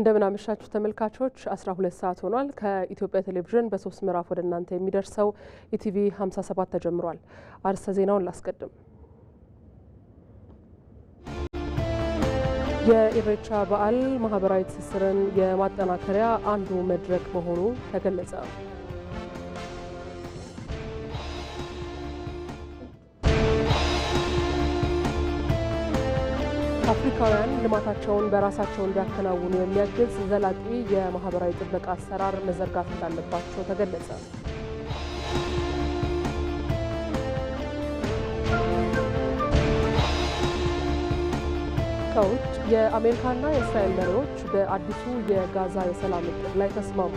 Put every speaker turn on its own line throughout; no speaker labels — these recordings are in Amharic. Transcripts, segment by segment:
እንደምን አመሻችሁ ተመልካቾች፣ 12 ሰዓት ሆኗል። ከኢትዮጵያ ቴሌቪዥን በሶስት ምዕራፍ ወደ እናንተ የሚደርሰው ኢቲቪ 57 ተጀምሯል። አርዕስተ ዜናውን ላስቀድም። የኢሬቻ በዓል ማህበራዊ ትስስርን የማጠናከሪያ አንዱ መድረክ መሆኑ ተገለጸ። አፍሪካውያን ልማታቸውን በራሳቸው እንዲያከናውኑ የሚያግዝ ዘላቂ የማህበራዊ ጥበቃ አሰራር መዘርጋት እንዳለባቸው ተገለጸ። ከውጭ የአሜሪካና የእስራኤል መሪዎች በአዲሱ የጋዛ የሰላም እቅድ ላይ ተስማሙ።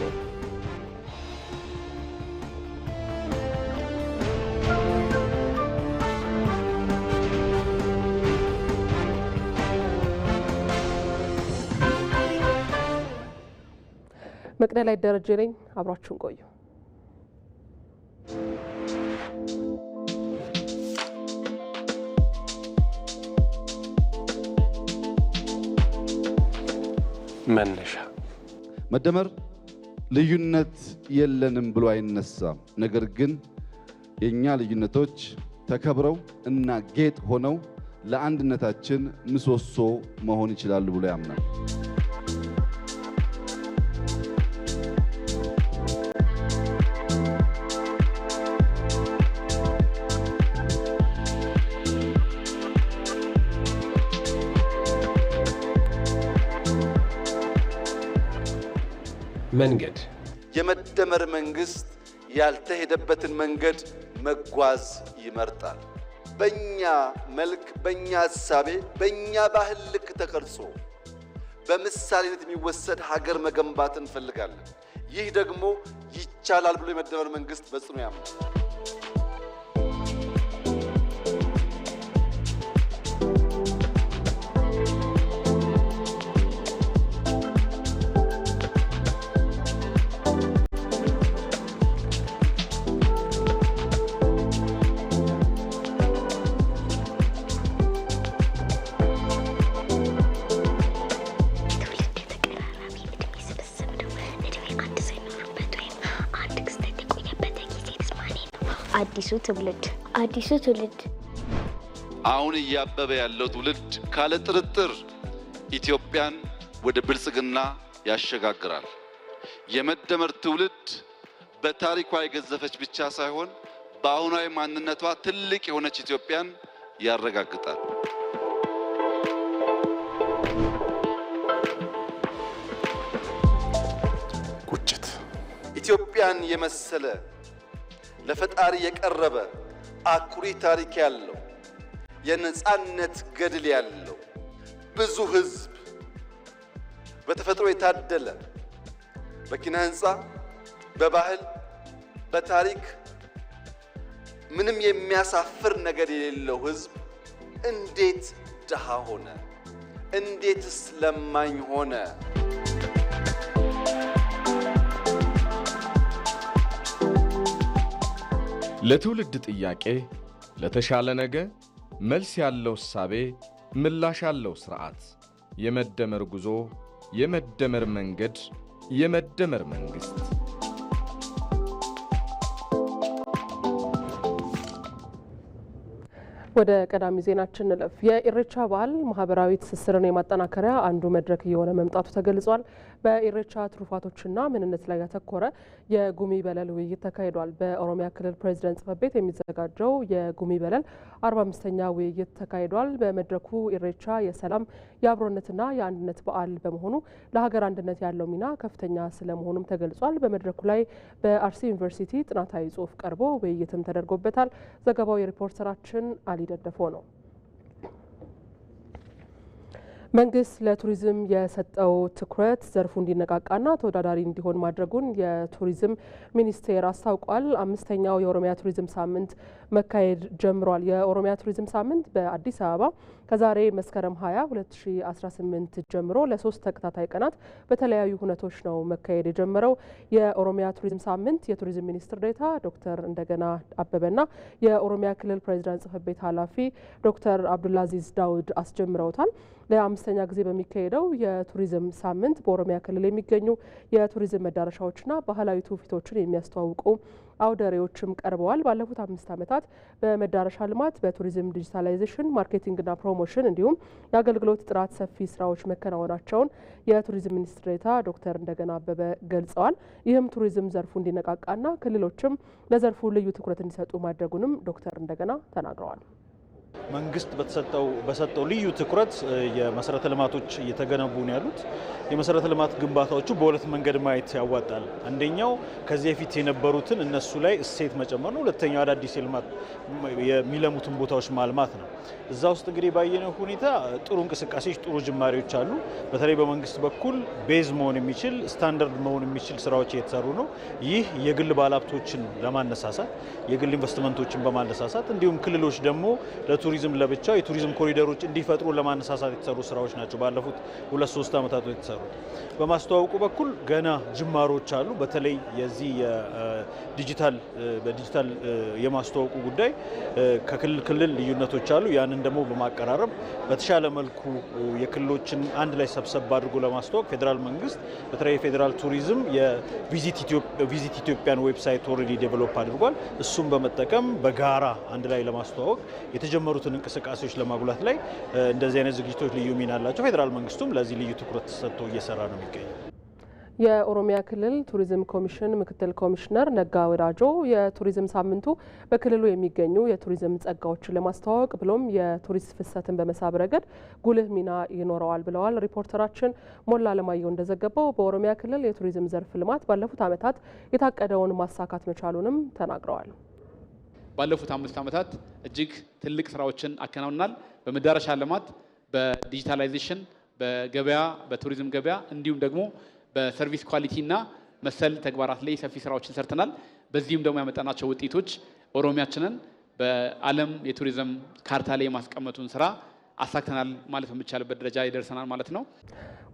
መቅደላይ ደረጀ ነኝ። አብራችሁን ቆዩ።
መነሻ
መደመር ልዩነት የለንም ብሎ አይነሳም። ነገር ግን የእኛ ልዩነቶች ተከብረው እና ጌጥ ሆነው ለአንድነታችን ምሰሶ መሆን ይችላሉ ብሎ ያምናል።
መንገድ
የመደመር መንግስት ያልተሄደበትን መንገድ መጓዝ ይመርጣል። በእኛ መልክ፣ በእኛ እሳቤ፣ በእኛ ባህል ልክ ተቀርጾ በምሳሌነት የሚወሰድ ሀገር መገንባት እንፈልጋለን። ይህ ደግሞ ይቻላል ብሎ የመደመር መንግስት በጽኑ ያምናል።
አዲሱ ትውልድ አዲሱ ትውልድ አሁን እያበበ ያለው ትውልድ ካለ ጥርጥር ኢትዮጵያን ወደ ብልጽግና ያሸጋግራል። የመደመር ትውልድ በታሪኳ የገዘፈች ብቻ ሳይሆን በአሁናዊ ማንነቷ ትልቅ የሆነች ኢትዮጵያን ያረጋግጣል።
ቁጭት
ኢትዮጵያን የመሰለ ለፈጣሪ የቀረበ አኩሪ ታሪክ ያለው የነፃነት ገድል ያለው ብዙ ህዝብ በተፈጥሮ የታደለ በኪነ ህንፃ፣ በባህል፣ በታሪክ ምንም የሚያሳፍር ነገር የሌለው ህዝብ እንዴት ድሃ ሆነ? እንዴትስ ለማኝ ሆነ?
ለትውልድ ጥያቄ ለተሻለ ነገ መልስ ያለው እሳቤ ምላሽ ያለው ስርዓት የመደመር ጉዞ የመደመር መንገድ የመደመር መንግሥት
ወደ ቀዳሚ ዜናችን እንለፍ። የኢሬቻ በዓል ማህበራዊ ትስስርን የማጠናከሪያ አንዱ መድረክ እየሆነ መምጣቱ ተገልጿል። በኢሬቻ ትሩፋቶችና ምንነት ላይ ያተኮረ የጉሚ በለል ውይይት ተካሂዷል። በኦሮሚያ ክልል ፕሬዚደንት ጽፈት ቤት የሚዘጋጀው የጉሚ በለል አርባ አምስተኛ ውይይት ተካሂዷል። በመድረኩ ኢሬቻ የሰላም የአብሮነትና የአንድነት በዓል በመሆኑ ለሀገር አንድነት ያለው ሚና ከፍተኛ ስለመሆኑም ተገልጿል። በመድረኩ ላይ በአርሲ ዩኒቨርሲቲ ጥናታዊ ጽሑፍ ቀርቦ ውይይትም ተደርጎበታል። ዘገባው የሪፖርተራችን አሊ ደደፎ ነው። መንግስት ለቱሪዝም የሰጠው ትኩረት ዘርፉ እንዲነቃቃና ተወዳዳሪ እንዲሆን ማድረጉን የቱሪዝም ሚኒስቴር አስታውቋል። አምስተኛው የኦሮሚያ ቱሪዝም ሳምንት መካሄድ ጀምሯል። የኦሮሚያ ቱሪዝም ሳምንት በአዲስ አበባ ከዛሬ መስከረም 20 2018 ጀምሮ ለሶስት ተከታታይ ቀናት በተለያዩ ሁነቶች ነው መካሄድ የጀመረው። የኦሮሚያ ቱሪዝም ሳምንት የቱሪዝም ሚኒስትር ዴታ ዶክተር እንደገና አበበና የኦሮሚያ ክልል ፕሬዚዳንት ጽህፈት ቤት ኃላፊ ዶክተር አብዱላዚዝ ዳውድ አስጀምረውታል። ለአምስተኛ ጊዜ በሚካሄደው የቱሪዝም ሳምንት በኦሮሚያ ክልል የሚገኙ የቱሪዝም መዳረሻዎችና ባህላዊ ትውፊቶችን የሚያስተዋውቁ አውደሬዎችም ቀርበዋል። ባለፉት አምስት ዓመታት በመዳረሻ ልማት፣ በቱሪዝም ዲጂታላይዜሽን፣ ማርኬቲንግና ፕሮሞሽን እንዲሁም የአገልግሎት ጥራት ሰፊ ስራዎች መከናወናቸውን የቱሪዝም ሚኒስትር ዴኤታ ዶክተር እንደገና አበበ ገልጸዋል። ይህም ቱሪዝም ዘርፉ እንዲነቃቃና ክልሎችም ለዘርፉ ልዩ ትኩረት እንዲሰጡ ማድረጉንም ዶክተር እንደገና ተናግረዋል።
መንግስት በተሰጠው በሰጠው ልዩ ትኩረት የመሰረተ ልማቶች እየተገነቡ ነው ያሉት። የመሰረተ ልማት ግንባታዎቹ በሁለት መንገድ ማየት ያዋጣል። አንደኛው ከዚህ በፊት የነበሩትን እነሱ ላይ እሴት መጨመር ነው። ሁለተኛው አዳዲስ የልማት የሚለሙትን ቦታዎች ማልማት ነው። እዛ ውስጥ እንግዲህ ባየነው ሁኔታ ጥሩ እንቅስቃሴዎች፣ ጥሩ ጅማሬዎች አሉ። በተለይ በመንግስት በኩል ቤዝ መሆን የሚችል ስታንዳርድ መሆን የሚችል ስራዎች እየተሰሩ ነው። ይህ የግል ባለሀብቶችን ለማነሳሳት የግል ኢንቨስትመንቶችን በማነሳሳት እንዲሁም ክልሎች ደግሞ ቱሪዝም ለብቻው የቱሪዝም ኮሪደሮች እንዲፈጥሩ ለማነሳሳት የተሰሩ ስራዎች ናቸው። ባለፉት ሁለት ሶስት ዓመታት የተሰሩት በማስተዋወቁ በኩል ገና ጅማሮች አሉ። በተለይ የዚህ የዲጂታል በዲጂታል የማስተዋወቁ ጉዳይ ከክልል ክልል ልዩነቶች አሉ። ያንን ደግሞ በማቀራረብ በተሻለ መልኩ የክልሎችን አንድ ላይ ሰብሰብ አድርጎ ለማስተዋወቅ ፌዴራል መንግስት በተለይ የፌዴራል ቱሪዝም የቪዚት ኢትዮጵያን ዌብሳይት ኦልሬዲ ዴቨሎፕ አድርጓል። እሱም በመጠቀም በጋራ አንድ ላይ ለማስተዋወቅ የተጀመሩ የነበሩትን እንቅስቃሴዎች ለማጉላት ላይ እንደዚህ አይነት ዝግጅቶች ልዩ ሚና አላቸው። ፌዴራል መንግስቱም ለዚህ ልዩ ትኩረት ሰጥቶ እየሰራ ነው የሚገኘው።
የኦሮሚያ ክልል ቱሪዝም ኮሚሽን ምክትል ኮሚሽነር ነጋ ወዳጆ የቱሪዝም ሳምንቱ በክልሉ የሚገኙ የቱሪዝም ጸጋዎችን ለማስተዋወቅ ብሎም የቱሪስት ፍሰትን በመሳብ ረገድ ጉልህ ሚና ይኖረዋል ብለዋል። ሪፖርተራችን ሞላ አለማየሁ እንደዘገበው በኦሮሚያ ክልል የቱሪዝም ዘርፍ ልማት ባለፉት ዓመታት የታቀደውን ማሳካት መቻሉንም ተናግረዋል።
ባለፉት አምስት ዓመታት እጅግ ትልቅ ስራዎችን አከናውናል። በመዳረሻ ልማት፣ በዲጂታላይዜሽን፣ በገበያ በቱሪዝም ገበያ እንዲሁም ደግሞ በሰርቪስ ኳሊቲ እና መሰል ተግባራት ላይ ሰፊ ስራዎችን ሰርተናል። በዚህም ደግሞ ያመጣናቸው ውጤቶች ኦሮሚያችንን በዓለም የቱሪዝም ካርታ ላይ የማስቀመጡን ስራ አሳክተናል ማለት በሚቻልበት ደረጃ ይደርሰናል ማለት ነው።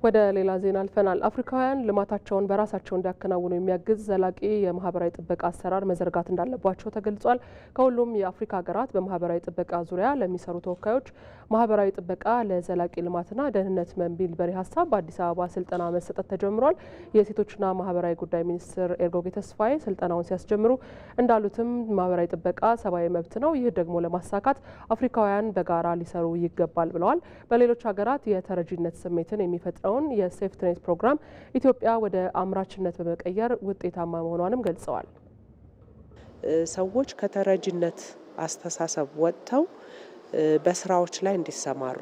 ወደ ሌላ ዜና አልፈናል። አፍሪካውያን ልማታቸውን በራሳቸው እንዲያከናውኑ የሚያግዝ ዘላቂ የማህበራዊ ጥበቃ አሰራር መዘርጋት እንዳለባቸው ተገልጿል። ከሁሉም የአፍሪካ ሀገራት በማህበራዊ ጥበቃ ዙሪያ ለሚሰሩ ተወካዮች ማህበራዊ ጥበቃ ለዘላቂ ልማትና ደህንነት በሚል መሪ ሀሳብ በአዲስ አበባ ስልጠና መሰጠት ተጀምሯል። የሴቶችና ማህበራዊ ጉዳይ ሚኒስትር ኤርጎጌ ተስፋዬ ስልጠናውን ሲያስጀምሩ እንዳሉትም ማህበራዊ ጥበቃ ሰብአዊ መብት ነው። ይህ ደግሞ ለማሳካት አፍሪካውያን በጋራ ሊሰሩ ይገባል ብለዋል። በሌሎች ሀገራት የተረጂነት ስሜትን የሚፈጥረው የመጣውን የሴፍትኔት ፕሮግራም ኢትዮጵያ ወደ አምራችነት በመቀየር ውጤታማ መሆኗንም ገልጸዋል።
ሰዎች ከተረጅነት አስተሳሰብ ወጥተው በስራዎች ላይ እንዲሰማሩ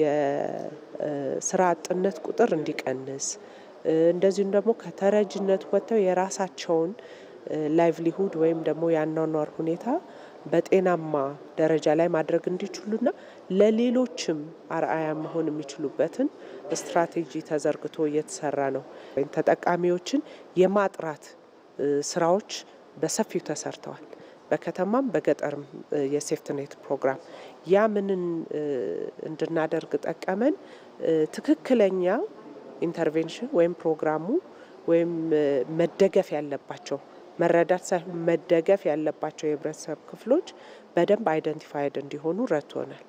የስራ አጥነት ቁጥር እንዲቀንስ እንደዚሁም ደግሞ ከተረጅነት ወጥተው የራሳቸውን ላይቭሊሁድ ወይም ደግሞ ያኗኗር ሁኔታ በጤናማ ደረጃ ላይ ማድረግ እንዲችሉና ለሌሎችም አርአያ መሆን የሚችሉበትን ስትራቴጂ ተዘርግቶ እየተሰራ ነው። ተጠቃሚዎችን የማጥራት ስራዎች በሰፊው ተሰርተዋል። በከተማም በገጠርም የሴፍትኔት ፕሮግራም ያ ምንን እንድናደርግ ጠቀመን? ትክክለኛ ኢንተርቬንሽን ወይም ፕሮግራሙ ወይም መደገፍ ያለባቸው መረዳት ሳይሆን መደገፍ ያለባቸው የህብረተሰብ ክፍሎች በደንብ አይደንቲፋይድ እንዲሆኑ ረድቶናል።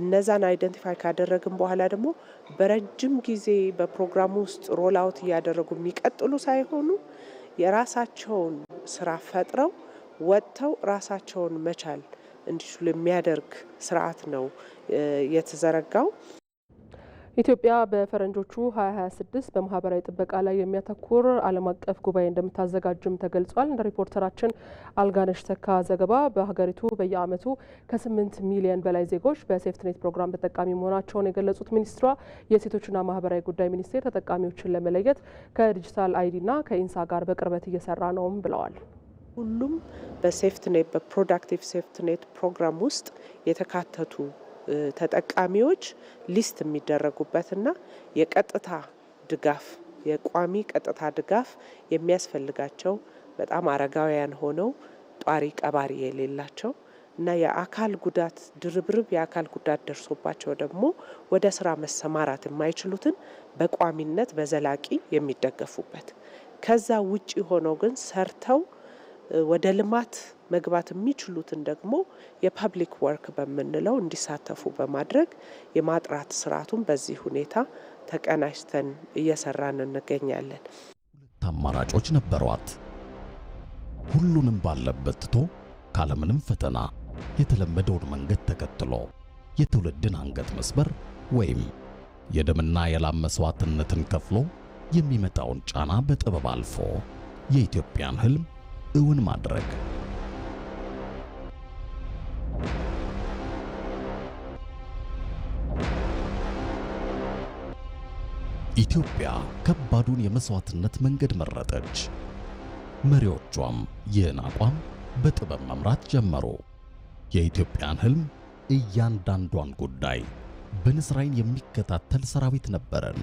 እነዛን አይደንቲፋይ ካደረግን በኋላ ደግሞ በረጅም ጊዜ በፕሮግራሙ ውስጥ ሮል አውት እያደረጉ የሚቀጥሉ ሳይሆኑ የራሳቸውን ስራ ፈጥረው ወጥተው ራሳቸውን መቻል እንዲችሉ የሚያደርግ ስርዓት ነው የተዘረጋው።
ኢትዮጵያ በፈረንጆቹ 2026 በማህበራዊ ጥበቃ ላይ የሚያተኩር ዓለም አቀፍ ጉባኤ እንደምታዘጋጅም ተገልጿል። እንደ ሪፖርተራችን አልጋነሽ ተካ ዘገባ በሀገሪቱ በየዓመቱ ከ8 ሚሊዮን በላይ ዜጎች በሴፍትኔት ፕሮግራም ተጠቃሚ መሆናቸውን የገለጹት ሚኒስትሯ የሴቶችና ማህበራዊ ጉዳይ ሚኒስቴር ተጠቃሚዎችን ለመለየት ከዲጂታል አይዲና ከኢንሳ ጋር በቅርበት እየሰራ ነውም ብለዋል። ሁሉም
በሴፍትኔት በፕሮዳክቲቭ ሴፍትኔት ፕሮግራም ውስጥ የተካተቱ ተጠቃሚዎች ሊስት የሚደረጉበትና የቀጥታ ድጋፍ የቋሚ ቀጥታ ድጋፍ የሚያስፈልጋቸው በጣም አረጋውያን ሆነው ጧሪ ቀባሪ የሌላቸው እና የአካል ጉዳት ድርብርብ የአካል ጉዳት ደርሶባቸው ደግሞ ወደ ስራ መሰማራት የማይችሉትን በቋሚነት በዘላቂ የሚደገፉበት ከዛ ውጪ ሆነው ግን ሰርተው ወደ ልማት መግባት የሚችሉትን ደግሞ የፐብሊክ ወርክ በምንለው እንዲሳተፉ በማድረግ የማጥራት ስርዓቱን በዚህ ሁኔታ ተቀናጅተን እየሰራን እንገኛለን።
አማራጮች ነበሯት። ሁሉንም ባለበት ትቶ ካለምንም ፈተና የተለመደውን መንገድ ተከትሎ የትውልድን አንገት መስበር ወይም የደምና የላም መስዋዕትነትን ከፍሎ የሚመጣውን ጫና በጥበብ አልፎ የኢትዮጵያን ህልም እውን ማድረግ ኢትዮጵያ ከባዱን የመስዋዕትነት መንገድ መረጠች። መሪዎቿም ይህን አቋም በጥበብ መምራት ጀመሩ። የኢትዮጵያን ህልም፣ እያንዳንዷን ጉዳይ በንስራይን የሚከታተል ሰራዊት ነበረን።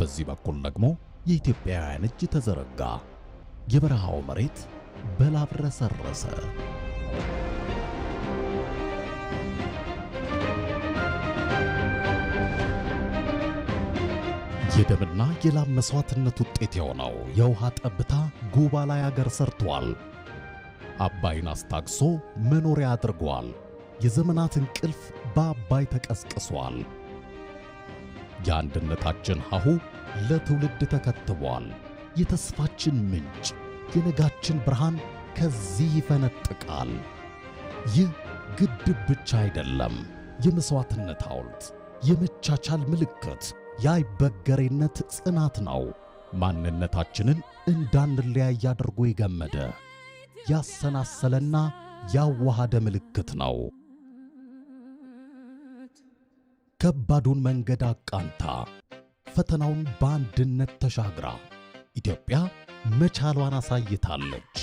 በዚህ በኩል ደግሞ የኢትዮጵያውያን እጅ ተዘረጋ። የበረሃው መሬት በላብ ረሰረሰ። የደምና የላብ መስዋዕትነት ውጤት የሆነው የውሃ ጠብታ ጉባ ላይ አገር ሰርቷል። አባይን አስታግሶ መኖሪያ አድርጓል። የዘመናት እንቅልፍ በአባይ ተቀስቅሷል። የአንድነታችን ሀሁ ለትውልድ ተከትቧል። የተስፋችን ምንጭ፣ የነጋችን ብርሃን ከዚህ ይፈነጥቃል። ይህ ግድብ ብቻ አይደለም፣ የመስዋዕትነት ሐውልት፣ የመቻቻል ምልክት በገሬነት ጽናት ነው ማንነታችንን እንዳንለያይ አድርጎ የገመደ ያሰናሰለና ያዋሃደ ምልክት ነው። ከባዱን መንገድ አቃንታ ፈተናውን በአንድነት ተሻግራ ኢትዮጵያ መቻሏን አሳይታለች።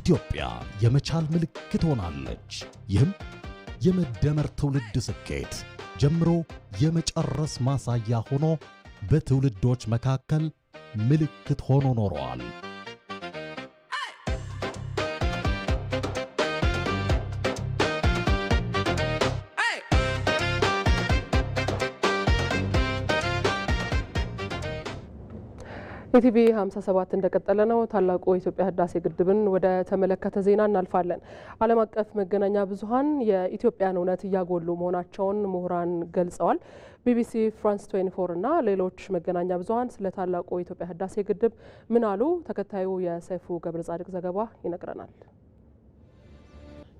ኢትዮጵያ የመቻል ምልክት ሆናለች። ይህም የመደመር ትውልድ ስኬት ጀምሮ የመጨረስ ማሳያ ሆኖ በትውልዶች መካከል ምልክት ሆኖ ኖረዋል።
ኢቲቪ 57 እንደቀጠለ ነው። ታላቁ የኢትዮጵያ ህዳሴ ግድብን ወደ ተመለከተ ዜና እናልፋለን። ዓለም አቀፍ መገናኛ ብዙሀን የኢትዮጵያን እውነት እያጎሉ መሆናቸውን ምሁራን ገልጸዋል። ቢቢሲ፣ ፍራንስ 24 እና ሌሎች መገናኛ ብዙሀን ስለ ታላቁ የኢትዮጵያ ህዳሴ ግድብ ምን አሉ? ተከታዩ የሰይፉ ገብረ ጻድቅ ዘገባ ይነግረናል።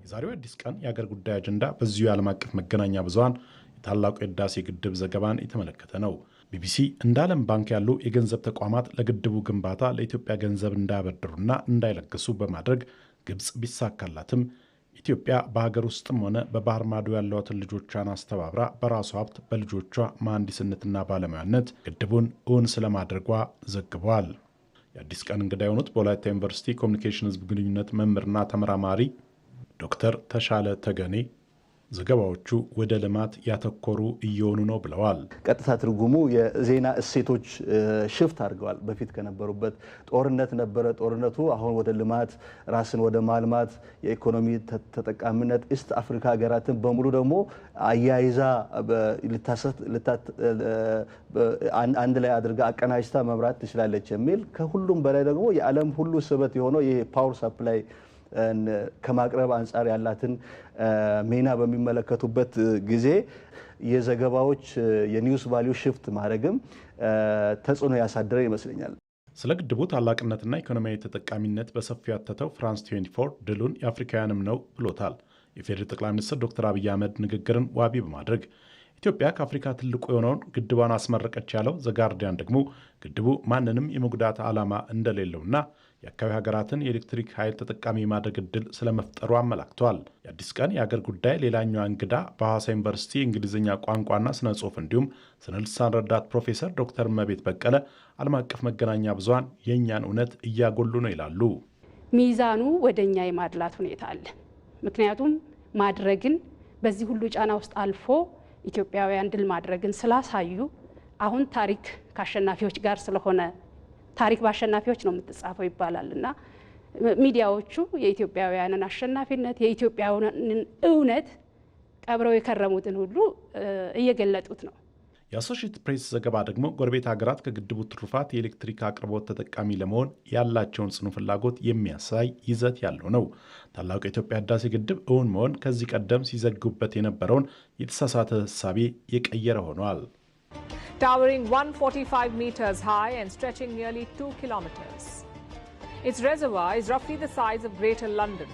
የዛሬው አዲስ ቀን የአገር ጉዳይ አጀንዳ በዚሁ የዓለም አቀፍ መገናኛ ብዙሀን የታላቁ የህዳሴ ግድብ ዘገባን የተመለከተ ነው። ቢቢሲ እንደ ዓለም ባንክ ያሉ የገንዘብ ተቋማት ለግድቡ ግንባታ ለኢትዮጵያ ገንዘብ እንዳያበድሩና እንዳይለግሱ በማድረግ ግብፅ ቢሳካላትም ኢትዮጵያ በሀገር ውስጥም ሆነ በባህር ማዶ ያሏትን ልጆቿን አስተባብራ በራሷ ሀብት በልጆቿ መሐንዲስነትና ባለሙያነት ግድቡን እውን ስለማድረጓ ዘግበዋል። የአዲስ ቀን እንግዳ የሆኑት በወላይታ ዩኒቨርሲቲ ኮሚኒኬሽን ህዝብ ግንኙነት መምህርና ተመራማሪ ዶክተር ተሻለ ተገኔ ዘገባዎቹ ወደ ልማት ያተኮሩ እየሆኑ ነው ብለዋል። ቀጥታ ትርጉሙ
የዜና እሴቶች ሽፍት አድርገዋል። በፊት ከነበሩበት ጦርነት ነበረ ጦርነቱ፣ አሁን ወደ ልማት፣ ራስን ወደ ማልማት፣ የኢኮኖሚ ተጠቃሚነት ኢስት አፍሪካ ሀገራትን በሙሉ ደግሞ አያይዛ አንድ ላይ አድርጋ አቀናጅታ መምራት ትችላለች የሚል ከሁሉም በላይ ደግሞ የዓለም ሁሉ ስበት የሆነው ይህ ፓወር ሰፕላይ ከማቅረብ አንጻር ያላትን ሚና በሚመለከቱበት ጊዜ የዘገባዎች የኒውስ ቫሊዩ ሽፍት ማድረግም ተጽዕኖ ያሳደረ ይመስለኛል።
ስለ ግድቡ ታላቅነትና ኢኮኖሚያዊ ተጠቃሚነት በሰፊው ያተተው ፍራንስ 24 ድሉን የአፍሪካውያንም ነው ብሎታል። የፌዴራል ጠቅላይ ሚኒስትር ዶክተር አብይ አህመድ ንግግርን ዋቢ በማድረግ ኢትዮጵያ ከአፍሪካ ትልቁ የሆነውን ግድቧን አስመረቀች ያለው ዘጋርዲያን ደግሞ ግድቡ ማንንም የመጉዳት ዓላማ እንደሌለውና የአካባቢ ሀገራትን የኤሌክትሪክ ኃይል ተጠቃሚ የማድረግ እድል ስለመፍጠሩ አመላክተዋል። የአዲስ ቀን የአገር ጉዳይ ሌላኛዋ እንግዳ በሐዋሳ ዩኒቨርሲቲ የእንግሊዝኛ ቋንቋና ስነ ጽሁፍ እንዲሁም ስነ ልሳን ረዳት ፕሮፌሰር ዶክተር መቤት በቀለ ዓለም አቀፍ መገናኛ ብዙሀን የእኛን እውነት እያጎሉ ነው ይላሉ።
ሚዛኑ ወደ እኛ የማድላት ሁኔታ አለ። ምክንያቱም ማድረግን በዚህ ሁሉ ጫና ውስጥ አልፎ ኢትዮጵያውያን ድል ማድረግን ስላሳዩ አሁን ታሪክ ከአሸናፊዎች ጋር ስለሆነ ታሪክ በአሸናፊዎች ነው የምትጻፈው ይባላል እና ሚዲያዎቹ የኢትዮጵያውያንን አሸናፊነት የኢትዮጵያውያንን እውነት ቀብረው የከረሙትን ሁሉ እየገለጡት ነው።
የአሶሽት ፕሬስ ዘገባ ደግሞ ጎረቤት ሀገራት ከግድቡ ትሩፋት የኤሌክትሪክ አቅርቦት ተጠቃሚ ለመሆን ያላቸውን ጽኑ ፍላጎት የሚያሳይ ይዘት ያለው ነው። ታላቁ የኢትዮጵያ ህዳሴ ግድብ እውን መሆን ከዚህ ቀደም ሲዘግቡበት የነበረውን የተሳሳተ ህሳቤ የቀየረ ሆኗል።
Towering 145 meters high and stretching nearly 2 kilometers. Its reservoir is roughly the size of Greater London,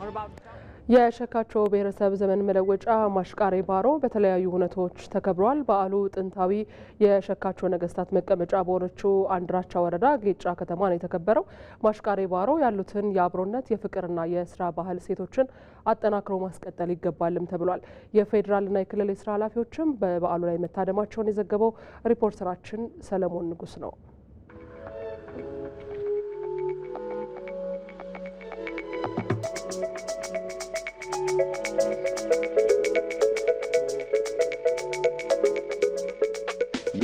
or
about. የሸካቾ ብሔረሰብ ዘመን መለወጫ ማሽቃሬ ባሮ በተለያዩ ሁነቶች ተከብሯል። በዓሉ ጥንታዊ የሸካቾ ነገስታት መቀመጫ በሆነችው አንድራቻ ወረዳ ጌጫ ከተማ ነው የተከበረው። ማሽቃሬ ባሮ ያሉትን የአብሮነት የፍቅርና የስራ ባህል ሴቶችን አጠናክሮ ማስቀጠል ይገባልም ተብሏል። የፌዴራልና የክልል የስራ ኃላፊዎችም በበዓሉ ላይ መታደማቸውን የዘገበው ሪፖርተራችን ሰለሞን ንጉስ ነው።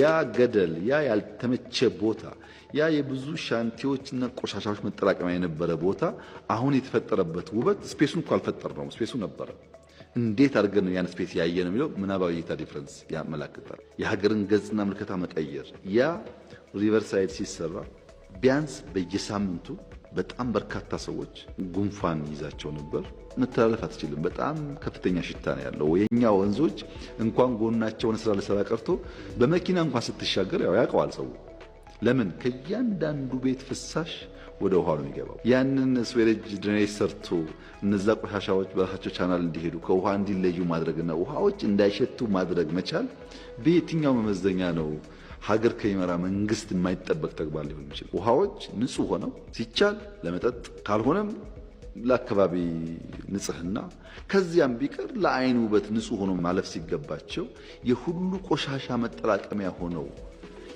ያ ገደል፣ ያ ያልተመቸ ቦታ፣ ያ የብዙ ሻንቲዎችና ቆሻሻዎች መጠራቀሚያ የነበረ ቦታ አሁን የተፈጠረበት ውበት ስፔሱን እኮ አልፈጠር ነው፣ ስፔሱ ነበረ። እንዴት አድርገን ያን ስፔስ ያየ ነው የሚለው ምናባዊ እይታ ዲፍረንስ ያመላክታል። የሀገርን ገጽና ምልከታ መቀየር ያ ሪቨርሳይድ ሲሰራ ቢያንስ በየሳምንቱ በጣም በርካታ ሰዎች ጉንፋን ይዛቸው ነበር። መተላለፍ አትችልም። በጣም ከፍተኛ ሽታ ነው ያለው። የኛ ወንዞች እንኳን ጎናቸውን ስራ ለስራ ቀርቶ በመኪና እንኳን ስትሻገር ያው ያውቀዋል ሰው። ለምን ከእያንዳንዱ ቤት ፍሳሽ ወደ ውሃ ነው የሚገባው። ያንን ስዌሬጅ ድሬኔጅ ሰርቶ እነዛ ቆሻሻዎች በራሳቸው ቻናል እንዲሄዱ ከውሃ እንዲለዩ ማድረግና ውሃዎች እንዳይሸቱ ማድረግ መቻል በየትኛው መመዘኛ ነው ሀገር ከሚመራ መንግስት የማይጠበቅ ተግባር ሊሆን ይችላል። ውሃዎች ንጹህ ሆነው ሲቻል ለመጠጥ ካልሆነም ለአካባቢ ንጽህና ከዚያም ቢቀር ለአይን ውበት ንጹህ ሆኖ ማለፍ ሲገባቸው የሁሉ ቆሻሻ መጠራቀሚያ ሆነው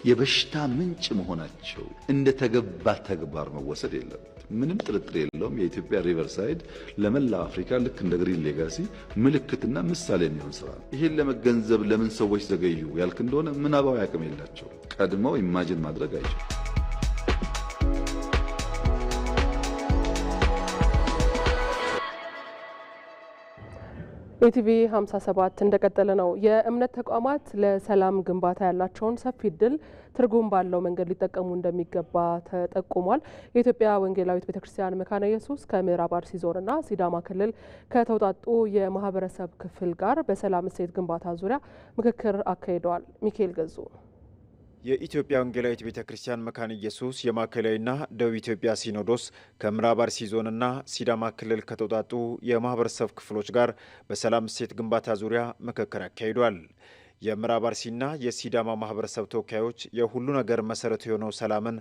የበሽታ ምንጭ መሆናቸው እንደተገባ ተግባር መወሰድ የለም። ምንም ጥርጥር የለውም የኢትዮጵያ ሪቨርሳይድ ለመላው አፍሪካ ልክ እንደ ግሪን ሌጋሲ ምልክትና ምሳሌ የሚሆን ስራ ነው። ይህን ለመገንዘብ ለምን ሰዎች ዘገዩ ያልክ እንደሆነ ምናባዊ አቅም የላቸው። ቀድመው ኢማጅን ማድረግ አይችሉም።
ኢቲቪ 57 እንደቀጠለ ነው። የእምነት ተቋማት ለሰላም ግንባታ ያላቸውን ሰፊ እድል ትርጉም ባለው መንገድ ሊጠቀሙ እንደሚገባ ተጠቁሟል። የኢትዮጵያ ወንጌላዊት ቤተክርስቲያን መካነ ኢየሱስ ከምዕራብ አርሲ ዞንና ሲዳማ ክልል ከተውጣጡ የማህበረሰብ ክፍል ጋር በሰላም እሴት ግንባታ ዙሪያ ምክክር አካሂደዋል። ሚካኤል ገዙ
የኢትዮጵያ ወንጌላዊት ቤተ ክርስቲያን መካነ ኢየሱስ የማዕከላዊና ደቡብ ኢትዮጵያ ሲኖዶስ ከምዕራብ አርሲ ዞንና ሲዳማ ክልል ከተውጣጡ የማህበረሰብ ክፍሎች ጋር በሰላም እሴት ግንባታ ዙሪያ ምክክር አካሂዷል። የምዕራብ አርሲና የሲዳማ ማህበረሰብ ተወካዮች የሁሉ ነገር መሰረት የሆነው ሰላምን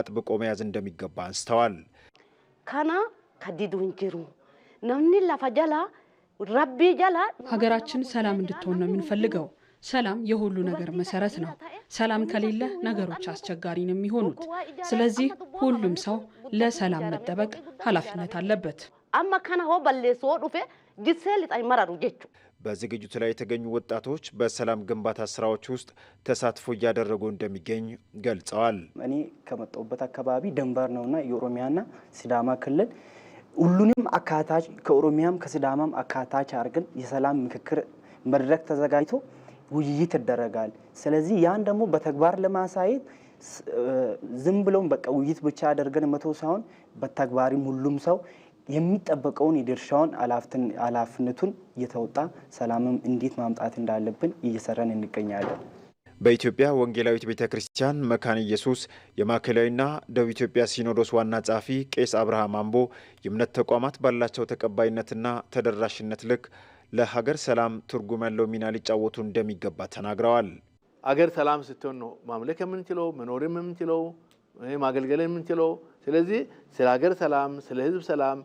አጥብቆ መያዝ እንደሚገባ አንስተዋል። ካና
ከዲድ ወንጀሩ ነምኒ ላፈ ረቢ ጃላ
ሀገራችን ሰላም እንድትሆን ነው የምንፈልገው ሰላም የሁሉ ነገር መሰረት ነው። ሰላም ከሌለ ነገሮች አስቸጋሪ ነው የሚሆኑት። ስለዚህ ሁሉም ሰው ለሰላም መጠበቅ ኃላፊነት አለበት። በዝግጅቱ ላይ የተገኙ ወጣቶች በሰላም ግንባታ ስራዎች ውስጥ ተሳትፎ እያደረጉ እንደሚገኝ ገልጸዋል። እኔ ከመጣሁበት አካባቢ ደንበር ነውና የኦሮሚያና ሲዳማ ክልል ሁሉንም አካታች ከኦሮሚያም ከሲዳማም አካታች አድርገን የሰላም ምክክር መድረክ ተዘጋጅቶ ውይይት ይደረጋል። ስለዚህ ያን ደግሞ በተግባር ለማሳየት ዝም ብሎም በቃ ውይይት ብቻ አደርገን መቶ ሳይሆን በተግባሪም ሁሉም ሰው የሚጠበቀውን የድርሻውን ኃላፊነቱን እየተወጣ ሰላምም እንዴት ማምጣት እንዳለብን እየሰራን እንገኛለን። በኢትዮጵያ
ወንጌላዊት ቤተ ክርስቲያን መካነ ኢየሱስ የማዕከላዊና ደቡብ ኢትዮጵያ ሲኖዶስ ዋና ጸሐፊ ቄስ አብርሃም አምቦ የእምነት ተቋማት ባላቸው ተቀባይነትና ተደራሽነት ልክ ለሀገር ሰላም ትርጉም ያለው ሚና ሊጫወቱ እንደሚገባ ተናግረዋል። አገር ሰላም
ስትሆን ነው ማምለክ የምንችለው መኖር የምንችለው ማገልገል የምንችለው። ስለዚህ ስለ ሀገር ሰላም፣ ስለ ህዝብ ሰላም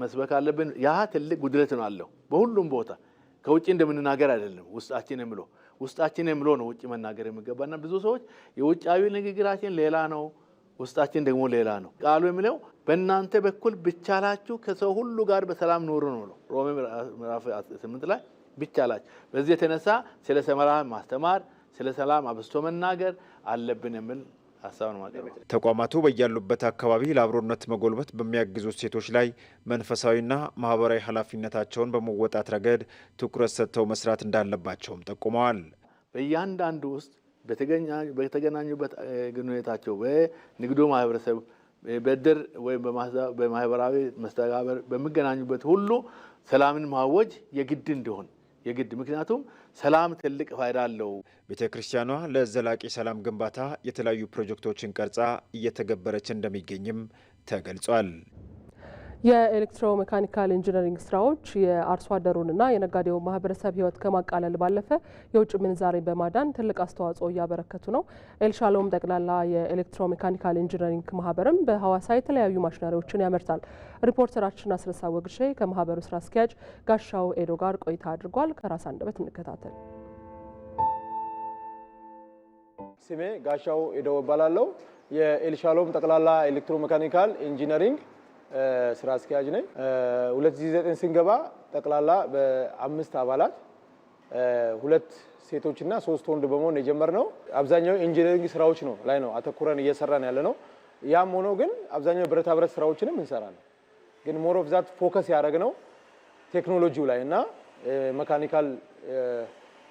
መስበክ አለብን። ያ ትልቅ ጉድለት ነው አለው በሁሉም ቦታ ከውጭ እንደምንናገር አይደለም ውስጣችን የምሎ ውስጣችን የምሎ ነው ውጭ መናገር የሚገባና ብዙ ሰዎች የውጫዊ ንግግራችን ሌላ ነው፣ ውስጣችን ደግሞ ሌላ ነው ቃሉ የሚለው በእናንተ በኩል ብቻላችሁ ከሰው ሁሉ ጋር በሰላም ኑሩ ነው ነው ሮሜ ምዕራፍ 8 ላይ ብቻላችሁ። በዚህ የተነሳ ስለ ሰላም ማስተማር፣ ስለ ሰላም አብስቶ መናገር አለብን የሚል
ተቋማቱ በያሉበት አካባቢ ለአብሮነት መጎልበት በሚያግዙት ሴቶች ላይ መንፈሳዊና ማህበራዊ ኃላፊነታቸውን በመወጣት ረገድ ትኩረት ሰጥተው መስራት እንዳለባቸውም ጠቁመዋል። በእያንዳንዱ ውስጥ በተገናኙበት ግንኙነታቸው በንግዱ ማህበረሰብ በድር ወይም በማህበራዊ መስተጋበር በሚገናኙበት ሁሉ ሰላምን ማወጅ የግድ እንዲሆን የግድ ምክንያቱም ሰላም ትልቅ ፋይዳ አለው። ቤተ
ክርስቲያኗ ለዘላቂ ሰላም ግንባታ የተለያዩ ፕሮጀክቶችን ቀርጻ እየተገበረች እንደሚገኝም ተገልጿል።
የኤሌክትሮሜካኒካል ኢንጂነሪንግ ስራዎች የአርሶ አደሩንና የነጋዴውን ማህበረሰብ ህይወት ከማቃለል ባለፈ የውጭ ምንዛሬ በማዳን ትልቅ አስተዋጽኦ እያበረከቱ ነው። ኤልሻሎም ጠቅላላ የኤሌክትሮሜካኒካል ኢንጂነሪንግ ማህበርም በሐዋሳ የተለያዩ ማሽነሪዎችን ያመርታል። ሪፖርተራችን አስረሳ ወግሼ ከማህበሩ ስራ አስኪያጅ ጋሻው ኤዶ ጋር ቆይታ አድርጓል። ከራስ አንደበት እንከታተል።
ስሜ ጋሻው ኤዶ እባላለሁ። የኤልሻሎም ጠቅላላ ኤሌክትሮሜካኒካል ኢንጂነሪንግ ስራ አስኪያጅ ነኝ። 2009 ስንገባ ጠቅላላ በአምስት አባላት ሁለት ሴቶችና ሶስት ወንድ በመሆን የጀመርነው አብዛኛው ኢንጂነሪንግ ስራዎች ነው ላይ ነው አተኩረን እየሰራን ያለ ነው። ያም ሆኖ ግን አብዛኛው ብረታ ብረት ስራዎችንም እንሰራለን። ግን ሞር ኦፍ ዛት ፎከስ ነው ቴክኖሎጂው ላይ እና መካኒካል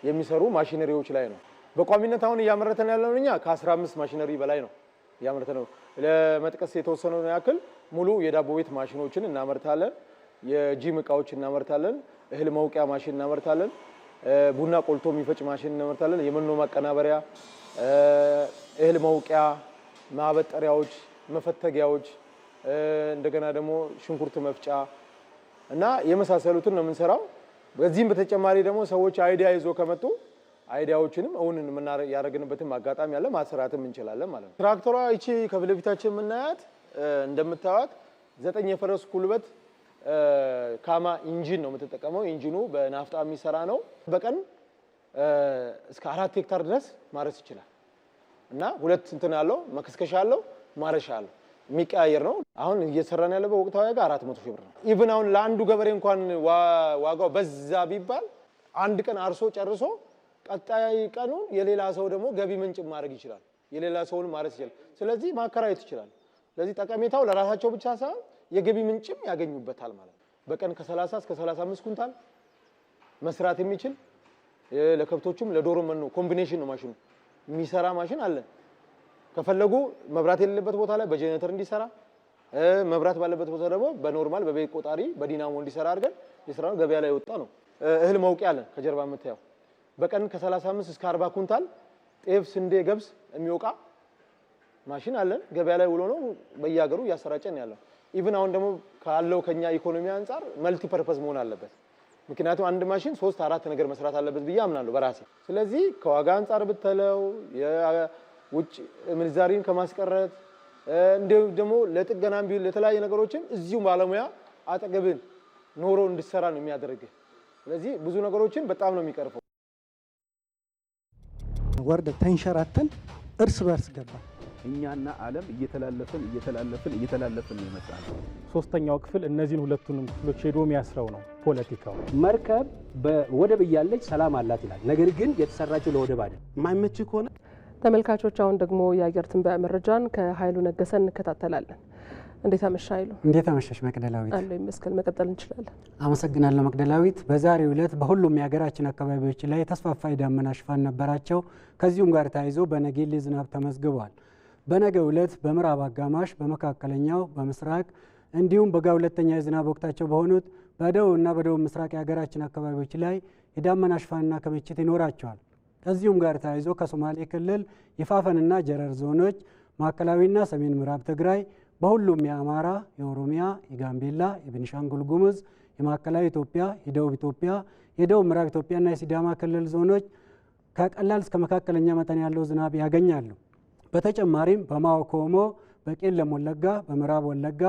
የሚሰሩ ማሽነሪዎች ላይ ነው። በቋሚነት አሁን እያመረተን ያለነው እኛ ከ15 ማሽነሪ በላይ ነው። እያመረተ ነው። ለመጥቀስ የተወሰነውን ያክል ሙሉ የዳቦ ቤት ማሽኖችን እናመርታለን። የጂም እቃዎች እናመርታለን። እህል መውቂያ ማሽን እናመርታለን። ቡና ቆልቶ የሚፈጭ ማሽን እናመርታለን። የመኖ ማቀናበሪያ፣ እህል መውቂያ፣ ማበጠሪያዎች፣ መፈተጊያዎች፣ እንደገና ደግሞ ሽንኩርት መፍጫ እና የመሳሰሉትን ነው የምንሰራው። በዚህም በተጨማሪ ደግሞ ሰዎች አይዲያ ይዞ ከመጡ አይዲያዎችንም እውን ያደረግንበትም አጋጣሚ ያለ ማሰራትም እንችላለን ማለት ነው። ትራክተሯ ይቺ ከፊት ለፊታችን የምናያት እንደምታዩት ዘጠኝ የፈረስ ጉልበት ካማ ኢንጂን ነው የምትጠቀመው። ኢንጂኑ በናፍጣ የሚሰራ ነው። በቀን እስከ አራት ሄክታር ድረስ ማረስ ይችላል እና ሁለት እንትን አለው፣ መከስከሻ አለው፣ ማረሻ አለው። የሚቀያየር ነው። አሁን እየሰራን ያለ በወቅታዊ ዋጋ አራት መቶ ሺህ ብር ነው። ኢቭን አሁን ለአንዱ ገበሬ እንኳን ዋጋው በዛ ቢባል አንድ ቀን አርሶ ጨርሶ ቀጣይ ቀኑን የሌላ ሰው ደግሞ ገቢ ምንጭ ማድረግ ይችላል። የሌላ ሰውን ማረስ ይችላል። ስለዚህ ማከራየት ይችላል። ስለዚህ ጠቀሜታው ለራሳቸው ብቻ ሳይሆን የገቢ ምንጭም ያገኙበታል ማለት ነው። በቀን ከ30 እስከ 35 ኩንታል መስራት የሚችል ለከብቶቹም ለዶሮ መኖ ኮምቢኔሽን ነው ማሽኑ የሚሰራ ማሽን አለ ከፈለጉ መብራት የሌለበት ቦታ ላይ በጄኔተር እንዲሰራ መብራት ባለበት ቦታ ደግሞ በኖርማል በቤት ቆጣሪ በዲናሞ እንዲሰራ አድርገን የስራ ገበያ ላይ ወጣ ነው። እህል መውቂያ አለን ከጀርባ የምታየው በቀን ከ35 እስከ 40 ኩንታል ጤፍ፣ ስንዴ፣ ገብስ የሚወቃ ማሽን አለን። ገበያ ላይ ውሎ ነው በየሀገሩ እያሰራጨን ያለው። ኢቭን አሁን ደግሞ ካለው ከኛ ኢኮኖሚ አንጻር መልቲ ፐርፐዝ መሆን አለበት። ምክንያቱም አንድ ማሽን ሶስት አራት ነገር መስራት አለበት ብዬ አምናለሁ በራሴ። ስለዚህ ከዋጋ አንጻር ብትለው የውጭ ምንዛሪን ከማስቀረት እንዲሁም ደግሞ ለጥገና ቢሆን ለተለያዩ ነገሮችም እዚሁ ባለሙያ አጠገብን ኖሮ እንድሰራ ነው የሚያደርግ ስለዚህ ብዙ ነገሮችን በጣም ነው የሚቀርፈው።
ወርደ ተንሸራተን እርስ በርስ ገባ። እኛና ዓለም እየተላለፍን እየተላለፍን እየተላለፍን የመጣ ነው። ሶስተኛው ክፍል እነዚህን ሁለቱንም ክፍሎች ሄዶ የሚያስረው ነው ፖለቲካው። መርከብ በወደብ እያለች ሰላም አላት ይላል። ነገር ግን የተሰራችው ለወደብ አይደል። የማይመች ከሆነ ተመልካቾች፣ አሁን ደግሞ የአየር ትንበያ መረጃን ከኃይሉ ነገሰ እንከታተላለን። እንዴት አመሻ አይሉ እንዴት አመሻሽ መቅደላዊት? አለ ይመስገን። መቀጠል እንችላለን። አመሰግናለሁ መቅደላዊት። በዛሬው ዕለት በሁሉም የሀገራችን አካባቢዎች ላይ የተስፋፋ የደመና ሽፋን ነበራቸው። ከዚሁም ጋር ተያይዞ በነጌሌ ዝናብ ተመዝግቧል። በነገ ዕለት በምዕራብ አጋማሽ፣ በመካከለኛው፣ በምስራቅ እንዲሁም በጋ ሁለተኛ የዝናብ ወቅታቸው በሆኑት እና በደቡብ ምስራቅ የሀገራችን አካባቢዎች ላይ የዳመና ሽፋንና ክምችት ይኖራቸዋል። ከዚሁም ጋር ተያይዞ ከሶማሌ ክልል የፋፈንና ጀረር ዞኖች ማዕከላዊና ሰሜን ምዕራብ ትግራይ በሁሉም የአማራ፣ የኦሮሚያ፣ የጋምቤላ፣ የቤኒሻንጉል ጉሙዝ፣ የማዕከላዊ ኢትዮጵያ፣ የደቡብ ኢትዮጵያ፣ የደቡብ ምዕራብ ኢትዮጵያና የሲዳማ ክልል ዞኖች ከቀላል እስከ መካከለኛ መጠን ያለው ዝናብ ያገኛሉ። በተጨማሪም በማኦ ኮሞ፣ በቄለም ወለጋ፣ በምዕራብ ወለጋ፣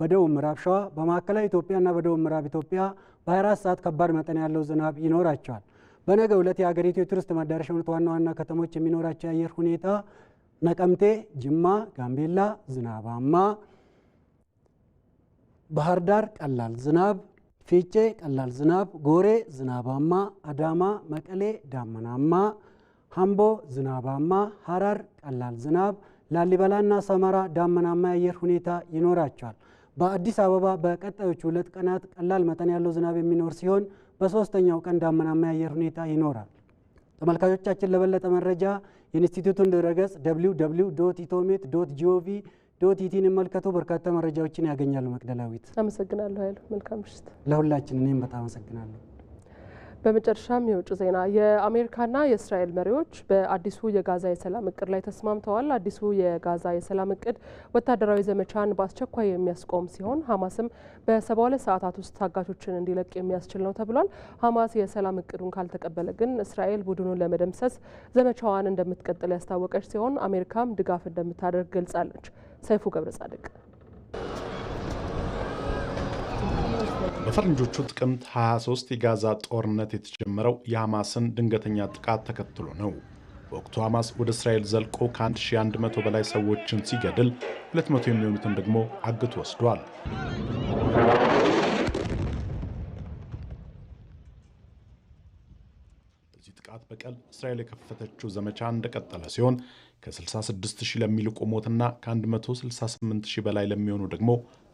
በደቡብ ምዕራብ ሸዋ፣ በማዕከላዊ ኢትዮጵያና በደቡብ ምዕራብ ኢትዮጵያ በ24 ሰዓት ከባድ መጠን ያለው ዝናብ ይኖራቸዋል። በነገ ዕለት የአገሪቱ የቱሪስት መዳረሻነት ዋና ዋና ከተሞች የሚኖራቸው የአየር ሁኔታ ነቀምቴ፣ ጅማ፣ ጋምቤላ ዝናባማ፣ ባህር ዳር ቀላል ዝናብ፣ ፊቼ ቀላል ዝናብ፣ ጎሬ ዝናባማ፣ አዳማ፣ መቀሌ ዳመናማ፣ ሀምቦ ዝናባማ፣ ሀረር ቀላል ዝናብ፣ ላሊበላና ሰመራ ዳመናማ የአየር ሁኔታ ይኖራቸዋል። በአዲስ አበባ በቀጣዮቹ ሁለት ቀናት ቀላል መጠን ያለው ዝናብ የሚኖር ሲሆን በሶስተኛው ቀን ዳመናማ የአየር ሁኔታ ይኖራል። ተመልካቾቻችን ለበለጠ መረጃ የኢንስቲትዩቱን ድረገጽ ደብሊው ደብሊው ኢቶሜት ዶት ጂኦቪ ዶት ኢቲን ይመልከቱ። በርካታ መረጃዎችን ያገኛሉ። መቅደላዊት፣ አመሰግናለሁ ኃይሉ። መልካም ምሽት ለሁላችን። እኔም በጣም አመሰግናለሁ። በመጨረሻም የውጭ ዜና የአሜሪካና የእስራኤል መሪዎች በአዲሱ የጋዛ የሰላም እቅድ ላይ ተስማምተዋል። አዲሱ የጋዛ የሰላም እቅድ ወታደራዊ ዘመቻን በአስቸኳይ የሚያስቆም ሲሆን ሀማስም በሰባ ሁለት ሰዓታት ውስጥ ታጋቾችን እንዲለቅ የሚያስችል ነው ተብሏል። ሀማስ የሰላም እቅዱን ካልተቀበለ ግን እስራኤል ቡድኑን ለመደምሰስ ዘመቻዋን እንደምትቀጥል ያስታወቀች ሲሆን አሜሪካም ድጋፍ እንደምታደርግ ገልጻለች። ሰይፉ ገብረ ጻድቅ
በፈረንጆቹ ጥቅምት 23 የጋዛ ጦርነት የተጀመረው የሐማስን ድንገተኛ ጥቃት ተከትሎ ነው። በወቅቱ ሐማስ ወደ እስራኤል ዘልቆ ከ1100 በላይ ሰዎችን ሲገድል 200 የሚሆኑትን ደግሞ አግቶ ወስዷል። በዚህ ጥቃት በቀል እስራኤል የከፈተችው ዘመቻ እንደቀጠለ ሲሆን ከ66 ሺህ ለሚልቁ ሞትና ከ168 ሺህ በላይ ለሚሆኑ ደግሞ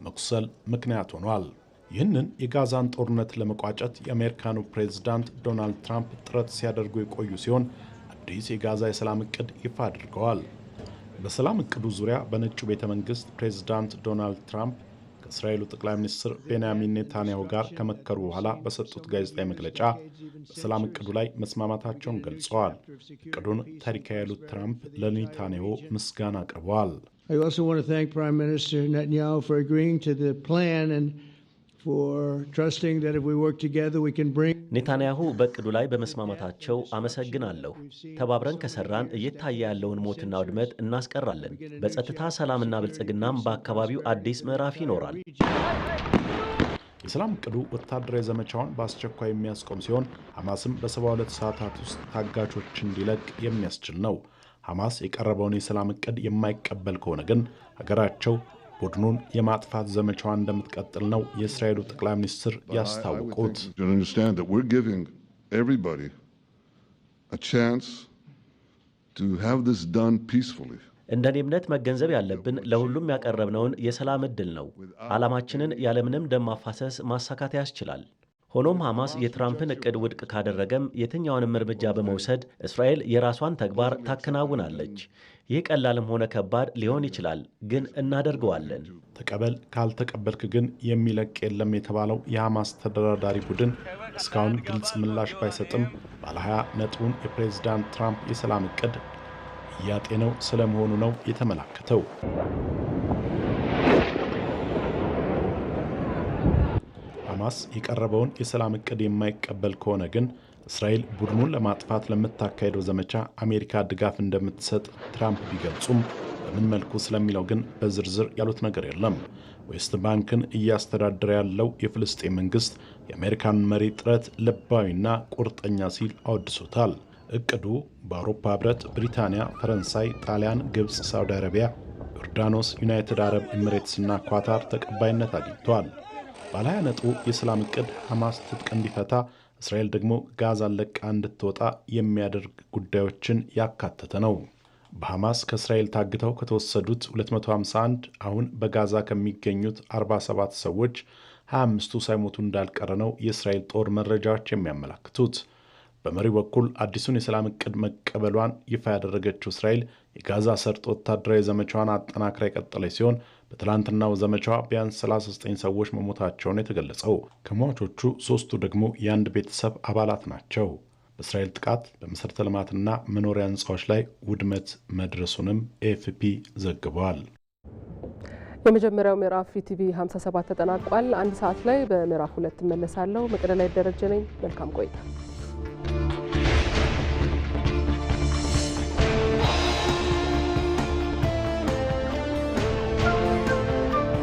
መቁሰል ምክንያት ሆኗል። ይህንን የጋዛን ጦርነት ለመቋጨት የአሜሪካኑ ፕሬዝዳንት ዶናልድ ትራምፕ ጥረት ሲያደርጉ የቆዩ ሲሆን አዲስ የጋዛ የሰላም እቅድ ይፋ አድርገዋል። በሰላም እቅዱ ዙሪያ በነጩ ቤተ መንግስት ፕሬዝዳንት ዶናልድ ትራምፕ ከእስራኤሉ ጠቅላይ ሚኒስትር ቤንያሚን ኔታንያሁ ጋር ከመከሩ በኋላ በሰጡት ጋዜጣዊ መግለጫ በሰላም እቅዱ ላይ መስማማታቸውን ገልጸዋል። እቅዱን ታሪካዊ ያሉት ትራምፕ ለኔታንያሁ ምስጋና አቅርበዋል።
ኔታንያሁ በእቅዱ ላይ በመስማማታቸው አመሰግናለሁ። ተባብረን ከሰራን እየታየ ያለውን ሞትና ውድመት እናስቀራለን። በጸጥታ ሰላምና ብልጽግናም በአካባቢው አዲስ ምዕራፍ ይኖራል።
የሰላም እቅዱ ወታደራዊ ዘመቻውን በአስቸኳይ የሚያስቆም ሲሆን ሐማስም በ72 ሰዓታት ውስጥ ታጋቾች እንዲለቅ የሚያስችል ነው። ሐማስ የቀረበውን የሰላም እቅድ የማይቀበል ከሆነ ግን ሀገራቸው ቡድኑን የማጥፋት ዘመቻዋ እንደምትቀጥል ነው የእስራኤሉ ጠቅላይ ሚኒስትር ያስታወቁት። እንደኔ እምነት መገንዘብ ያለብን ለሁሉም ያቀረብነውን የሰላም ዕድል ነው። ዓላማችንን ያለምንም ደም ማፋሰስ ማሳካት ያስችላል። ሆኖም ሐማስ የትራምፕን እቅድ ውድቅ ካደረገም የትኛውንም እርምጃ በመውሰድ እስራኤል የራሷን ተግባር ታከናውናለች። ይህ ቀላልም ሆነ ከባድ ሊሆን ይችላል፣ ግን እናደርገዋለን። ተቀበል ካልተቀበልክ ግን የሚለቅ የለም የተባለው የሐማስ ተደራዳሪ ቡድን እስካሁን ግልጽ ምላሽ ባይሰጥም ባለ 20 ነጥቡን የፕሬዚዳንት ትራምፕ የሰላም እቅድ እያጤነው ስለመሆኑ ነው የተመላከተው።
ሐማስ የቀረበውን የሰላም እቅድ የማይቀበል ከሆነ ግን እስራኤል ቡድኑን ለማጥፋት ለምታካሄደው ዘመቻ አሜሪካ ድጋፍ እንደምትሰጥ ትራምፕ ቢገልጹም በምን መልኩ ስለሚለው ግን በዝርዝር ያሉት ነገር የለም። ዌስት ባንክን እያስተዳደረ ያለው የፍልስጤን መንግስት የአሜሪካን መሪ ጥረት ልባዊና ቁርጠኛ ሲል አወድሶታል። እቅዱ በአውሮፓ ህብረት፣ ብሪታንያ፣ ፈረንሳይ፣ ጣሊያን፣ ግብፅ፣ ሳውዲ አረቢያ፣ ዮርዳኖስ፣ ዩናይትድ አረብ ኤምሬትስና ኳታር ተቀባይነት አግኝተዋል። ባለ ሀያ ነጥቡ የሰላም እቅድ ሐማስ ትጥቅ እንዲፈታ እስራኤል ደግሞ ጋዛን ለቃ እንድትወጣ የሚያደርግ ጉዳዮችን ያካተተ ነው። በሐማስ ከእስራኤል ታግተው ከተወሰዱት 251 አሁን በጋዛ ከሚገኙት 47 ሰዎች 25ቱ ሳይሞቱ እንዳልቀረ ነው የእስራኤል ጦር መረጃዎች የሚያመላክቱት። በመሪው በኩል አዲሱን የሰላም እቅድ መቀበሏን ይፋ ያደረገችው እስራኤል የጋዛ ሰርጥ ወታደራዊ ዘመቻዋን አጠናክራ የቀጠለች ሲሆን በትላንትናው ዘመቻዋ ቢያንስ 39 ሰዎች መሞታቸውን የተገለጸው ከሟቾቹ ሦስቱ ደግሞ የአንድ ቤተሰብ አባላት ናቸው። በእስራኤል ጥቃት በመሠረተ ልማትና መኖሪያ ሕንፃዎች ላይ ውድመት መድረሱንም ኤፍፒ ዘግቧል።
የመጀመሪያው ምዕራፍ ኢቲቪ 57 ተጠናቋል። አንድ ሰዓት ላይ በምዕራፍ ሁለት እመለሳለሁ። መቅደላይ ደረጀ ነኝ። መልካም ቆይታ